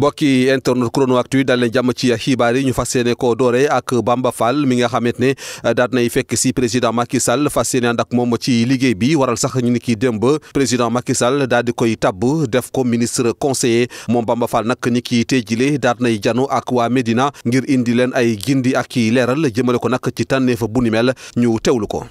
mbokki internet chrono actu daal leen jàmm ci xibaar yi ñu fas yéene doore ak Bamba Fall mi nga xamante ne eh, daat nay fekk si président Macky Sall fas yéene ànd moom ma ci liggéey bi waral sax ñu ni kii démb président Macky Sall daal di koy tabb def ko ministre conseiller moom Bamba Fall nag ni kii tey jile daat nay jano ak waa Médina ngir indi leen ay gindi ak i leeral jëmale ko nag ci tànneefa bu ni mel ñu teewlu ko.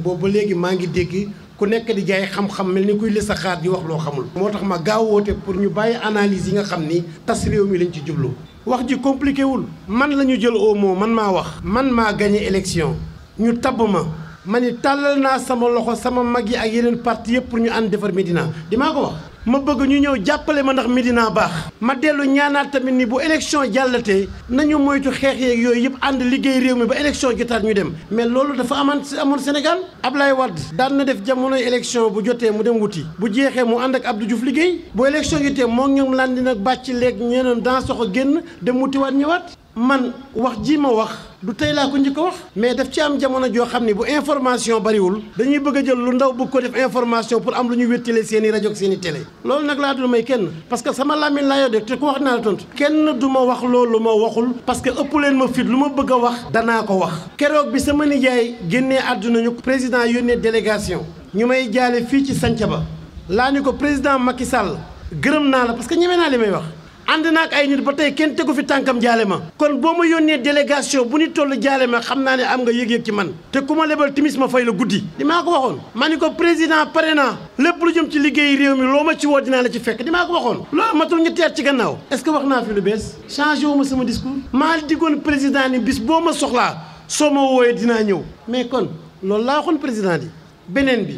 ku nekk di jaay xam-xam mel ni kuy li sa xaar wax loo xamul moo tax ma gaaw woote pour ñu bàyyi analise yi nga xam ni tas réew mi lañ ci jublu wax ji compliqué wul man la ñu jël au mot man maa wax man maa gagné élection ñu tabb ma ma ni tàllal naa sama loxo sama mag yi ak yeneen parti yëpp pour ñu ànd defar Médina dimaa ko wax ma bëgg ñu ñëw jàppale ma ndax Médina baax ma dellu ñaanaat tamit ni bu élection jàllatee nañu moytu xeex yeeg yooyu yëpp ànd liggéey réew mi ba élection jotaat ñu dem mais loolu dafa amaan amoon Sénégal Ablaye Wade daan na def jamonoy élection bu jotee mu dem wuti bu jeexee mu ànd ak Abdou Diouf liggéey bu élection jotee moo ngi ñoom lan dina bàcc leeg ñeneen dans soxo génn dem wutiwaat ñëwaat man wax ji ma wax du tey laa ko njëkk ko wax mais daf ci am jamono joo xam ne bu information bariwul dañuy bëgg a jël lu ndaw bëgg ko def information pour am lu ñu wéttale seeni i rajo ak seen loolu nag laa dul may kenn parce que sama làmmiñ laa yor te ku wax naa la tontu kenn du ma wax loolu ma waxul parce que ëpp leen ma fit lu ma bëgg a wax danaa ko wax keroog bi sama nijaay génne àdduna ñu président yónnee délégation ñu may jaale fii ci sanca ba laa ni ko président Macky Sall gërëm naa la parce que ñeme naa li may wax ànd naak ay nit ba tey kenn tegu fi tànkam jaale ma kon boo ma yónnee délégation bu ni toll jaale ma xam naa ne am nga yëg-yëg ci man te ku ma lebal timis ma fay la guddi dimaa ko waxoon ma ni ko président pare naa lépp lu jëm ci liggéey réew mi loo ma ci woo dinaa la ci fekk dimaa ko waxoon loolu matul ñetti at ci gannaaw est-ce que wax naa fi lu bees changé wu ma sama discours maa diggoon président ni bis boo ma soxlaa soo ma wooyee dinaa ñëw mais kon loolu laa président bi beneen bi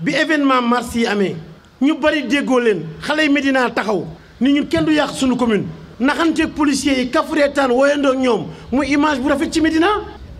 bi événement mars yi amee ñu bari déggoo leen xale yi Medina taxaw ni ñu kenn du yàq suñu commune naxanteeg policiers yi kafureetaan wooyandoo ak ñoom mu image bu rafet ci Médina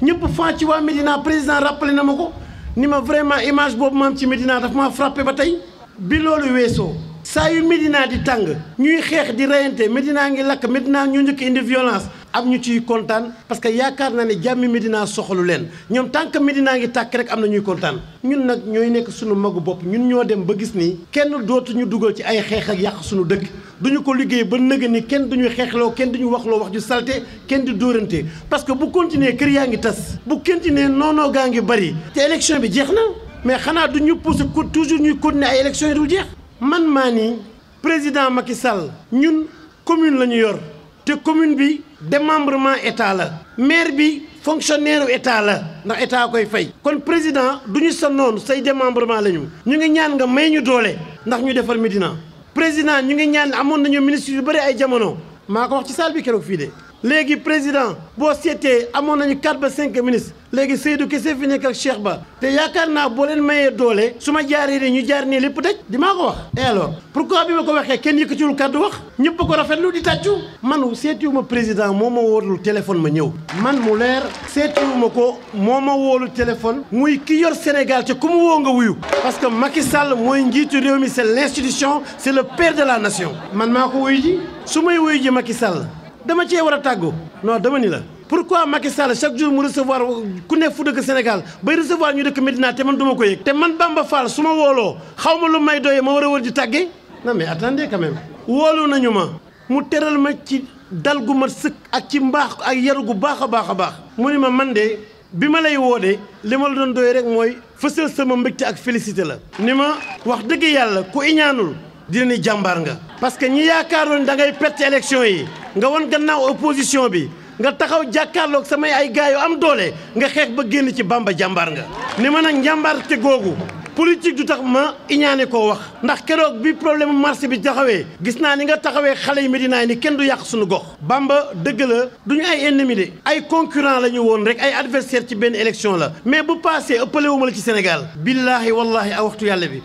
ñëpp fan ci waa Médina président rappelé na ma ko ni ma vraiment image boobu ma am ci Médina daf maa frappé ba tey bi loolu weesoo saa yu Médina di tàng ñuy xeex di reyante Médina ngi lakk Médina ñu njëkk indi violance am ñu ciy kontaan parce que yaakaar naa ne jàmmi Medina soxalu leen ñoom tant que Medina ngi tàkk rek am na ñuy kontaan ñun nag ñooy nekk suñu magu bopp ñun ñoo dem ba gis ni kenn dootu ñu dugal ci ay xeex ak yàq suñu dëkk duñu ko liggéey ba nëga ni kenn duñu xeexloo kenn duñu waxloo wax ju salté kenn di dóorante parce que bu continuer kër yaa ngi tas bu continuer noonoo gaa ngi bari te élection bi jeex na mais xanaa du ñu pousse ko toujours ñuy continuer ay élections jeex man maa ni président Macky Sall ñun commune la ñu yor te commune bi démembrement état la maire bi fonctionnaire état la ndax état koy fay kon président du ñu sa noonu say démembrement la ñu ñu ngi ñaan nga may ñu doole ndax ñu defar Médina président ñu ngi ñaan amoon nañu ministre yu bëri ay jamono maa ko wax ci salle bi keroog fii de léegi président boo seetee amoon nañu 4 ba 5 ministres léegi Seydou kese fi nekk ak Cheikh Ba te yaakaar naa boo leen mayee doole su ma jaaree nii ñu jaar nii lépp daj di maa ko wax. pour alors pourquoi bi ma ko waxee kenn yëkkatiwul kàddu wax ñëpp ko rafetlu di tàccu man seeti seetiwuma président moo ma wóolu téléphone ma ñëw. man mu leer seetiwuma ko moo ma wóolu téléphone. muy kii yor Sénégal te ku mu woo nga wuyu. parce que Macky Sall mooy njiitu réew mi c'est le père de la nation. man maa ko wuyu ji su may wuyu ji Macky Sall. dama cee war a tàggoo non dama ni la. pour pourquoi Macky Sall chaque jour mu recevoir ku ne fu dëkk Sénégal bay recevoir ñu dëkk Medina te man duma ko yëg. te man Bamba Fall su ma wooloo xaw lu may doyee ma war a wër di tàggee non mais attendez quand woolu nañu ma mu teral ma ci dal gu ma sëkk ak ci mbaax ak yaru gu baax a baax a baax. mu ni ma man de bi ma lay woodee li ma la doon doy rek mooy fësal sama mbégte ak félicité la. ni ma wax dëgg yàlla ku iñaanul dina ni jàmbaar nga. parce que ñi yaakaaroon da ngay perte élection yi nga won gannaaw opposition bi nga taxaw jàkkaarloog samay ay gars yu am doole nga xeex ba génn ci Bamba jàmbaar nga. ni ma nag njàmbaar te googu. politique du tax ma iñaane ko wax ndax keroog bi problème marché bi taxawee gis naa ni nga taxawee xale yi Medina ni kenn du yàq suñu gox Bamba dëgg la duñu ñu ay ennemi de ay concurrent la ñu woon rek ay adversaire ci benn élection la mais bu passé ëppale wu ma la ci Sénégal billaahi wallahi a waxtu yàlla bi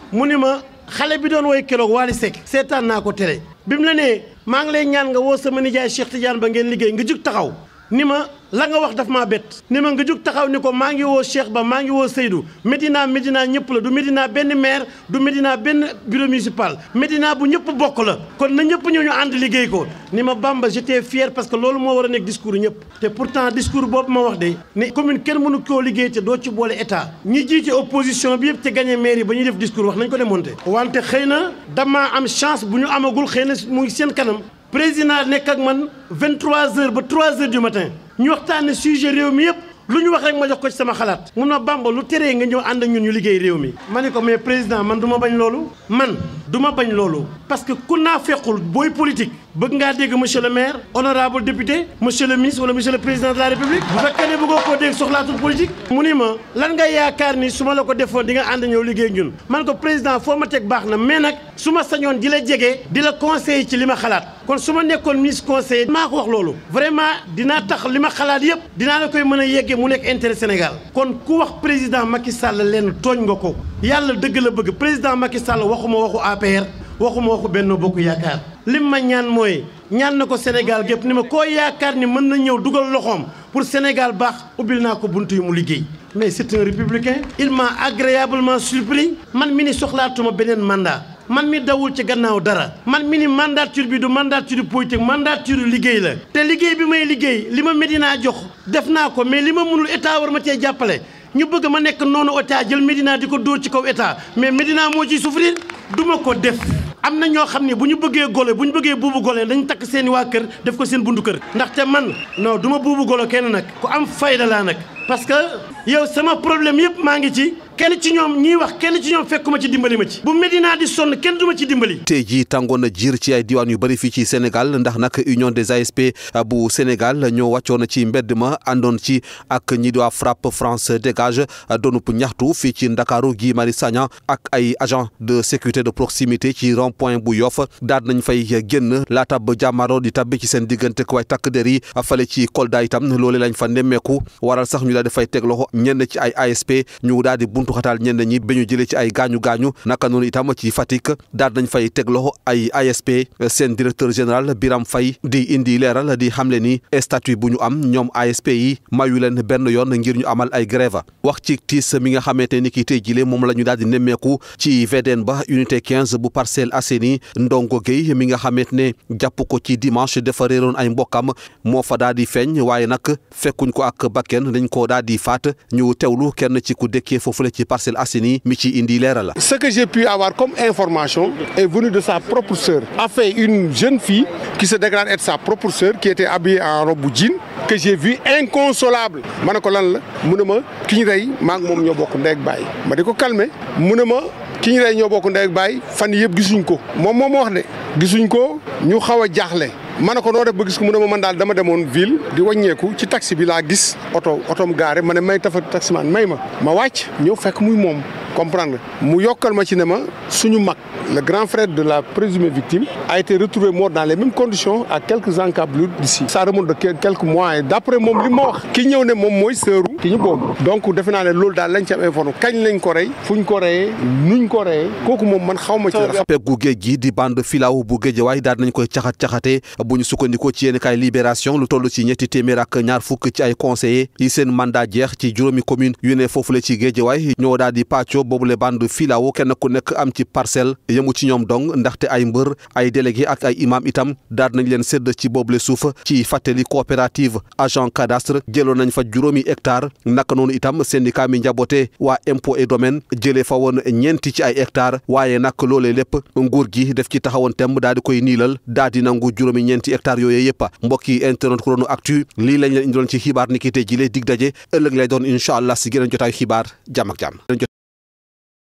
xale bi doon woy keroog Wally Seck seetaan naa ko télé bi mu la nee maa ngi lay ñaan nga woo sama nijaay Cheikh Tidiane ba ngeen liggéey nga jug taxaw ni ma la nga wax daf maa bett ni ma nga jóg taxaw ni ko maa ngi woo Cheikh Ba maa ngi woo Seydou Medina Medina ñëpp la du Medina benn maire du Medina benn bureau municipal Medina bu ñëpp bokk la kon na ñëpp ñëw ñu ànd liggéey ko ni ma Bamba j'étais fier parce que loolu moo war a nekk discours ñëpp te pourtant discours boobu ma wax de ne commune kenn mënu koo liggéey te doo ci boole état ñi jiite opposition bi yëpp te gagné maire yi ba ñuy def discours wax nañ ko démonté wante xëy na damaa am bu ñu amagul xëy na mu seen kanam président nekk ak man 23h ba 3h du matin ñu waxtaanee sujet réew mi yëpp lu ñu wax rek ma jox ko ci sama xalaat. mun na Bamba lu teree nga ñëw ànd ak ñun ñu liggéey réew mi. ma ne ko mais président man du bañ loolu. man du bañ loolu. parce que ku naa fekkul booy politique. bëgg ngaa dégg monsieur le maire honorable député monsieur le ministre wala monsieur le président de la république bu fekkee ne bëggoo koo dégg soxlaatul politique mu ni ma lan nga yaakaar ni su ma la ko defoon dinga ànd ñëw liggéey ñun man ko président foo ma teg baax na mais nag su ma sañoon di la jege di la conseiller ci li ma xalaat kon su ma nekkoon ministre conseiller maa ko wax loolu vraiment dinaa tax li ma xalaat yëpp dinaa la koy mën a yeggee mu nekk intérêt Sénégal kon ku wax président Macky Sall lenn tooñ nga ko yàlla dëgg la bëgg président Macky waxuma waxu APR waxuma waxu benn bokk yaakaar lim ma ñaan mooy ñaan na ko Sénégal gépp ni ma koo yaakaar ni mën na ñëw dugal loxoom pour Sénégal baax ubbil naa ko bunt yu mu liggéey mais c'est un républicain il m'a agréablement surpris man mi ni soxlaatuma beneen mandaa man mi dawul ci gannaaw dara man mi ni mandature bi du mandaa mandature politique mandature liggéey la te liggéey bi may liggéey li ma Médina jox def naa ko mais li ma mënul état war ma cee jàppale ñu bëgg ma nekk noonu état jël Médina di ko dóor ci kaw état mais Médina moo ciy souffrir duma ko def am na ñoo xam ne bu ñu bëggee golo bu ñu bëggee buubu golo dañ takk seen waa kër def ko seen buntu kër ndaxte man noo duma ma buubu golo kenn nag ku am faydalaa nag parce que yow sama problème yëpp maa ngi ci kenn ci ñoom ñiy wax kenn ci ñoom fekkuma ci dimbali ma ci bu Medina di sonn kenn duma ci dimbali tey jii tàngoon na jiir ci ay diwaan yu bëri fii ci Sénégal ndax nag union des ASP bu Sénégal ñoo wàccoon ci mbedd ma àndoon ci ak ñi di waa FRAPP France dégage doonub ñaxtu fii ci Ndakaaru Guy mari Sagna ak ay agent de sécurité de proximité ci rond point bu Yoff daal nañ fay génn laata ba jàmmaaroo di tabbi ci seen diggante ko ay takk der yi fale ci Kolda tam loole lañ fan nemmeeku waral sax ñu daal di fay teg loxo ci ay ASP buntuxataal ñenn ñi ba ñu jëlee ci ay gaañu gaañu naka noonu itam ci Fatick daal nañ fay teg loxo ay ASP seen directeur général Biram Faye di indi leeral di xamle ni statut bu ñu am ñoom ASP yi mayu leen benn yoon ngir ñu amal ay grève wax ci tiis mi nga xamante ne ki tey jile moom la ñu daal di nemmeeku ci VDN ba unité 15 bu Parcelles Assainies Ndongo Gueye mi nga xamante ne jàpp ko ci dimanche defaree réeroon ay mbokkam moo fa daal feeñ waaye nag fekkuñ ko ak bakken dañ ko daal di faat ñu teewlu ci Parcelles Assainies mi ci indi la Ce que j'ai pu avoir comme information est venu de sa propre sœur. En fait, une jeune fille ki se et être sa propre sœur qui était habillée en robe jean que j'ai vu inconsolable ma ne ko lan la mu ne ma ki ñu rey maa moom ñoo bokk ndey ak baay ma di ko calmer mu ne ma ki ñu rey ñoo bokk ndey ak baay fan yëpp gisuñ ko moom moom wax ne gisuñ ko ñu xaw a jaaxle. ma ne ko noo def ba gis ko mu ne ma man daal dama demoon ville di wàññeeku ci taxi bi laa gis oto otoom gaare ma ne may tafa taximaan may ma ma wàcc ñëw fekk muy moom comprendre mu yokkal ma suñu mag le grand frère de la présumée victime a été retrouvé mort dans les mêmes conditions à quelques encablures d'ici ça remonte de quelques mois et d'après moom li ma wax ki ñëw ne moom mooy sëru ki ñu boobu donc defe naa ne loolu daal lañ ci am informe kañ lañ ko fuñ ko reyee nuñ ko kooku moom man xaw ma ci dara peggu géej gi di bande filaw bu géejawaay daal nañ koy caxat-caxate bu ñu sukkandikoo ci yéen kaay libération lu toll boobule bande filao kenn ku nekk am ci parcelle yëmu ci ñoom dong ndaxte ay mbër ay délégué ak ay imam itam daal nañ leen sédd ci boobule suuf ci fàttali coopérative agent cadastre jëloon nañ fa juróomi hectare naka noonu itam syndicat mi njaboote waa impôt et domaine jëlee fa woon ñeenti ci ay hectare waaye nag loolee lépp nguur gi def ci taxawoon temb daal di koy niilal daal di nangu juróomi ñeenti hectares yooyu yëpp mbokk yi internet Chrono Actu lii lañ leen indiloon ci xibaar ni ki tey jile dig daje ëllëg lay doon incha allah si geneen jotaayu xibaar jàmm ak